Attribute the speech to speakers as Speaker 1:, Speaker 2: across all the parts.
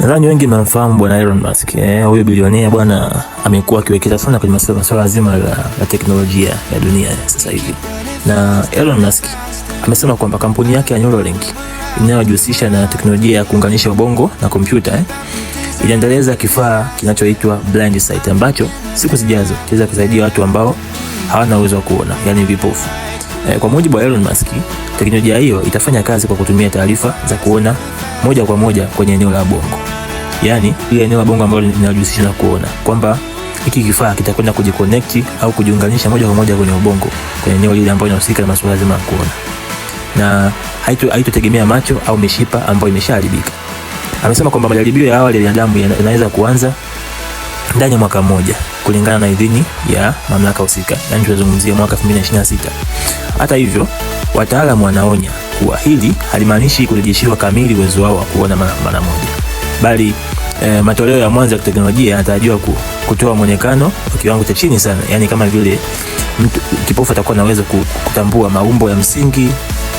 Speaker 1: Nadhani wengi mnamfahamu bwana Elon Musk. Eh, huyo bilionea bwana amekuwa akiwekeza sana kwenye masuala masuala zima la, la teknolojia ya dunia sasa hivi. Na Elon Musk amesema kwamba kampuni yake ya Neuralink inayojihusisha na teknolojia ya kuunganisha ubongo na kompyuta eh, iliendeleza kifaa kinachoitwa blind sight ambacho siku zijazo kiweza kusaidia watu ambao hawana uwezo wa kuona, yani vipofu. Eh, kwa mujibu wa Elon Musk, teknolojia hiyo itafanya kazi kwa kutumia taarifa za kuona moja kwa moja kwenye eneo la ubongo yani ile eneo la bongo ambalo linajihusisha na kuona kwamba hiki kifaa kitakwenda kujiconnect au kujiunganisha moja kwa moja kwenye ubongo kwenye eneo lile ambalo linahusika na masuala zima ya kuona, na haitotegemea macho au mishipa ambayo imeshaharibika. Amesema kwamba majaribio ya awali ya binadamu yanaweza kuanza ndani ya mwaka mmoja kulingana na idhini ya mamlaka husika, yani tunazungumzia mwaka 2026. Hata hivyo, wataalamu wanaonya kuwa hili halimaanishi kurejeshiwa kamili uwezo wao wa kuona mara moja bali e, matoleo ya mwanzo ya teknolojia yanatarajiwa kutoa mwonekano wa kiwango cha chini sana, yani kama vile mtu kipofu atakuwa anaweza kutambua maumbo ya msingi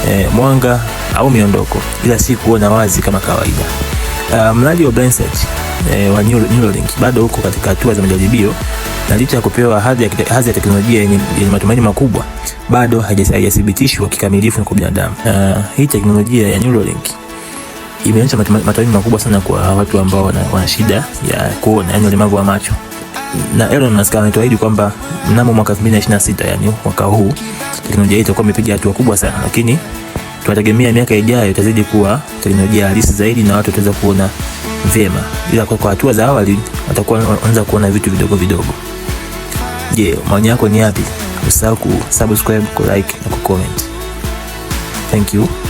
Speaker 1: e, mwanga au miondoko, ila si kuona wazi kama kawaida. Uh, mradi wa Brainset search e, wa Neuralink bado uko katika hatua za majaribio na licha ya kupewa hadhi ya, hadhi ya teknolojia yenye matumaini makubwa bado haijathibitishwa kikamilifu kwa binadamu. Uh, hii teknolojia ya Neuralink imeonyesha matumaini makubwa sana kwa watu ambao wana shida ya kuona, yani ulemavu wa macho na Elon Musk anatuahidi kwamba mnamo mwaka 2026 yani mwaka huu teknolojia hii itakuwa imepiga hatua kubwa sana, lakini tunategemea miaka ijayo itazidi kuwa teknolojia halisi zaidi na watu wataweza kuona vyema, ila kwa hatua za awali watakuwa wanaanza kuona vitu vidogo vidogo. Je, maoni yako ni yapi? Usisahau kusubscribe, ku like na ku comment. Thank you.